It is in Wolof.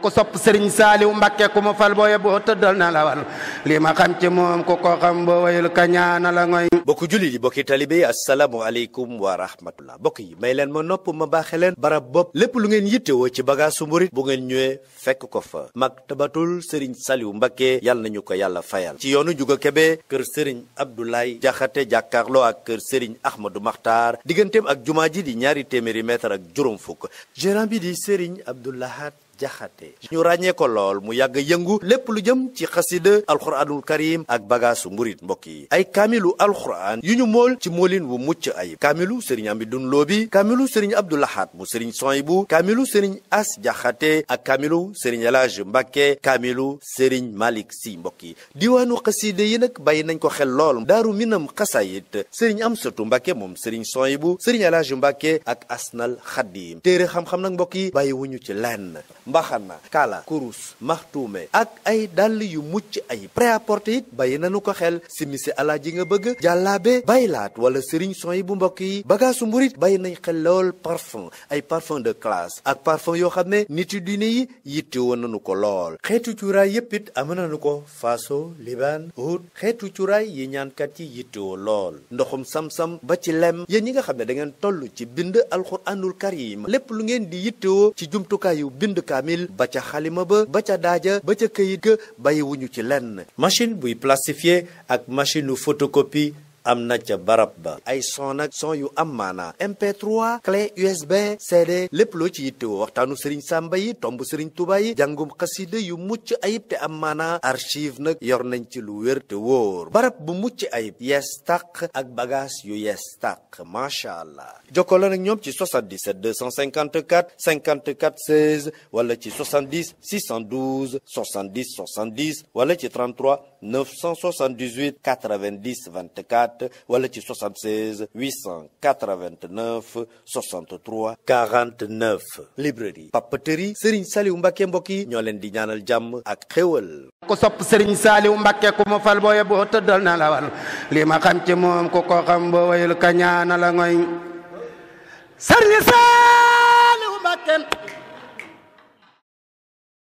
ku sopp sëriñ saaliw mbakke ku mu fal boo yeboo tëddal na la wal li ma xam ci moom ku ko xam boo wayul ka ñaana la ngoy bokku julli yi bokki talibe yi asalaamu aleykum wa rahmatullah bokk yi may leen ma nopp ma baaxe leen barab bopp lépp lu ngeen yittewoo ci bagaasu murit bu ngeen ñëwee fekk ko fa mag tabatul sëriñ saaliw mbakke yàlla nañu ko yàlla fayal ci yoonu juga kebe kër sëriñ abdoulaye jaxate jàkkaarloo ak kër sëriñ ahmadou maxtaar digganteem ak jumaa ji di ñaari téeméeri mètre ak juróom fukk gérant jaxate ñu ràññeeko lool mu yàgg yëngu lépp lu jëm ci xasida alxuraanul karim ak bagaasu mburit mbokk yi ay kaamilu alxuraan yu ñu mool ci moolin wu mucc ayib kaamilu sëriñ Amidun loobi bi kaamilu sëriñ Abdulahat mu sëriñ Soyibu kamilu sëriñ As Jaxate ak kaamilu sëriñ Elage Mbàkke kaamilu sëriñ Malik Si mbokk yi diwaanu xasida yi nag bàyyi nañ ko xel lool daaru minam xasayit sëriñ Amsatu Mbàkke moom sëriñ bu sëriñ Elage Mbàkke ak Asnal Xaddiim téere xam-xam nag mbokk yi bàyyi wuñu ci lenn mbaxana kala kurus maxtuume ak ay dàll yu mucc ay prêt-à-porter it bàyyi nanu ko xel simisi ala ji nga bëgg jàllaabe baylaat wala sëriñ son yi bu mbokk yi bagaasu mburit bàyyi nañ xel lool parfum ay parfum de classe ak parfum yoo xam ne nit yu diine yi yitte woon nanu ko lool xeetu cuuraay yépp it am nanu ko faso liban hut xeetu cuuraay yi ñaankat yi yitte lool ndoxum sam-sam ba ci lem yéen ñi nga xam ne da ngeen toll ci bind alxuraanul karim lépp lu ngeen di yittewoo ci jumtukaayu bindkat kaamil ba ca xalima ba ba ca daaja ba ca këyit ga bàyyiwuñu ci lenn machine buy plastifier ak machine photocopie am na ca barab ba ay son nag son yu am maanaa mp3 clé usb cd lépp loo ci yittewoo waxtaanu sëriñ sàmba yi tomb sëriñ tuba yi jàngum xasida yu mucc ayib te am maanaa archive nag yor nañ ci lu wér te wóor barab bu mucc ayib yees tàq ak bagage yu yees tàq macha allah jokkaloo nag ñoom ci 77 254 54 16 wala ci 70 612 70 70 wala ci 33 978 90 24 64 wala ci 76 889 63 49 librairie papeterie Serigne Saliou Mbacké mbokk yi ñoo leen di ñaanal jàmm ak xéwal. ku sopp Serigne Saliou Mbacké ku mu fal booye boo tëddal na la wal li ci moom ku ko xam boo wayul ka ñaana la ngoy Serigne